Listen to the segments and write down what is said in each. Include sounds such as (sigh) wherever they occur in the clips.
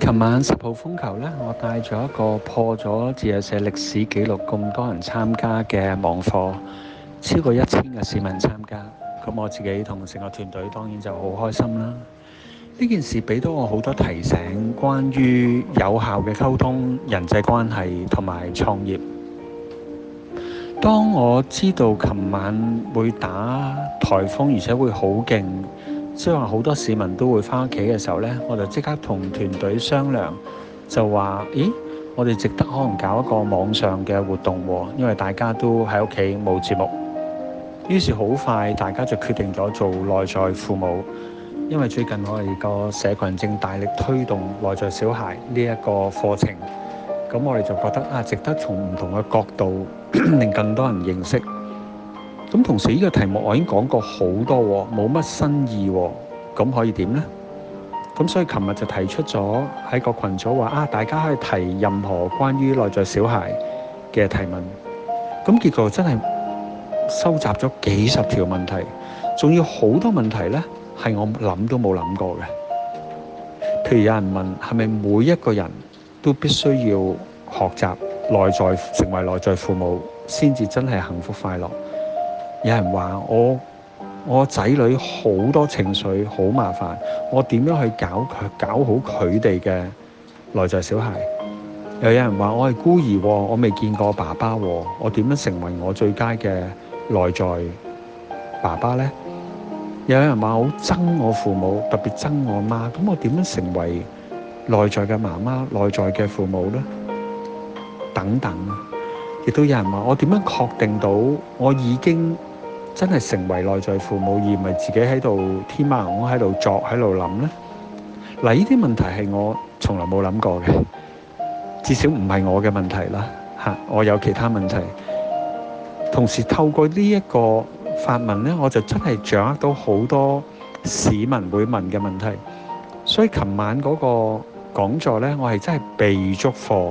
琴晚十號風球咧，我帶咗一個破咗自在社歷史記錄咁多人參加嘅網課，超過一千嘅市民參加，咁我自己同成個團隊當然就好開心啦。呢件事俾到我好多提醒，關於有效嘅溝通、人際關係同埋創業。當我知道琴晚會打颱風，而且會好勁。所以話好多市民都會返屋企嘅時候呢，我就即刻同團隊商量，就話：咦，我哋值得可能搞一個網上嘅活動喎，因為大家都喺屋企冇節目。於是好快大家就決定咗做內在父母，因為最近我哋個社群正大力推動內在小孩呢一個課程，咁我哋就覺得啊，值得從唔同嘅角度 (coughs) 令更多人認識。咁同時，呢個題目我已經講過好多喎，冇乜新意喎。咁可以點呢？咁所以琴日就提出咗喺個群組話啊，大家可以提任何關於內在小孩嘅提問。咁結果真係收集咗幾十條問題，仲要好多問題呢，係我諗都冇諗過嘅。譬如有人問係咪每一個人都必須要學習內在，成為內在父母，先至真係幸福快樂？有人話，我我仔女好多情緒好麻煩，我點樣去搞佢，搞好佢哋嘅內在小孩？又有人話我係孤兒，我未見過爸爸，我點樣成為我最佳嘅內在爸爸呢？又有人話我好憎我父母，特別憎我媽，咁我點樣成為內在嘅媽媽、內在嘅父母呢？等等。亦都有人問我點樣確定到我已經真係成為內在父母，而唔係自己喺度天馬行空喺度作喺度諗呢？嗱，呢啲問題係我從來冇諗過嘅，至少唔係我嘅問題啦。嚇，我有其他問題。同時透過呢一個發問呢，我就真係掌握到好多市民會問嘅問題。所以琴晚嗰個講座呢，我係真係備足課。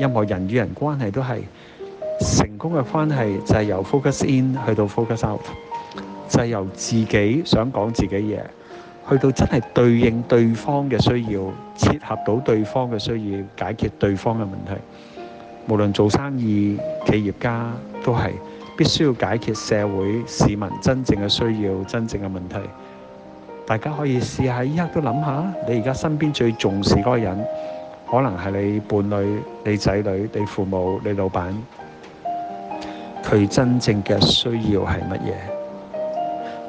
任何人與人關係都係成功嘅關係，就係由 focus in 去到 focus out，就係由自己想講自己嘢，去到真係對應對方嘅需要，切合到對方嘅需要，解決對方嘅問題。無論做生意、企業家都係必須要解決社會市民真正嘅需要、真正嘅問題。大家可以試下依刻都諗下，你而家身邊最重視嗰個人。可能係你伴侶，你仔女、你父母、你老闆，佢真正嘅需要係乜嘢？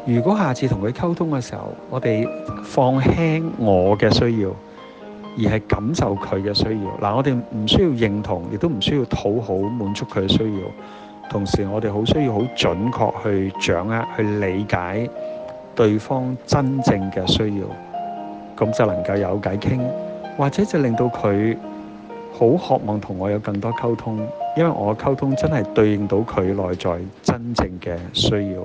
如果下次同佢溝通嘅時候，我哋放輕我嘅需要，而係感受佢嘅需要。嗱，我哋唔需要認同，亦都唔需要討好滿足佢嘅需要。同時，我哋好需要好準確去掌握、去理解對方真正嘅需要，咁就能夠有偈傾。或者就令到佢好渴望同我有更多溝通，因為我嘅溝通真係對應到佢內在真正嘅需要。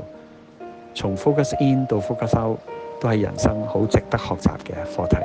從 focus in 到 focus out，都係人生好值得學習嘅課題。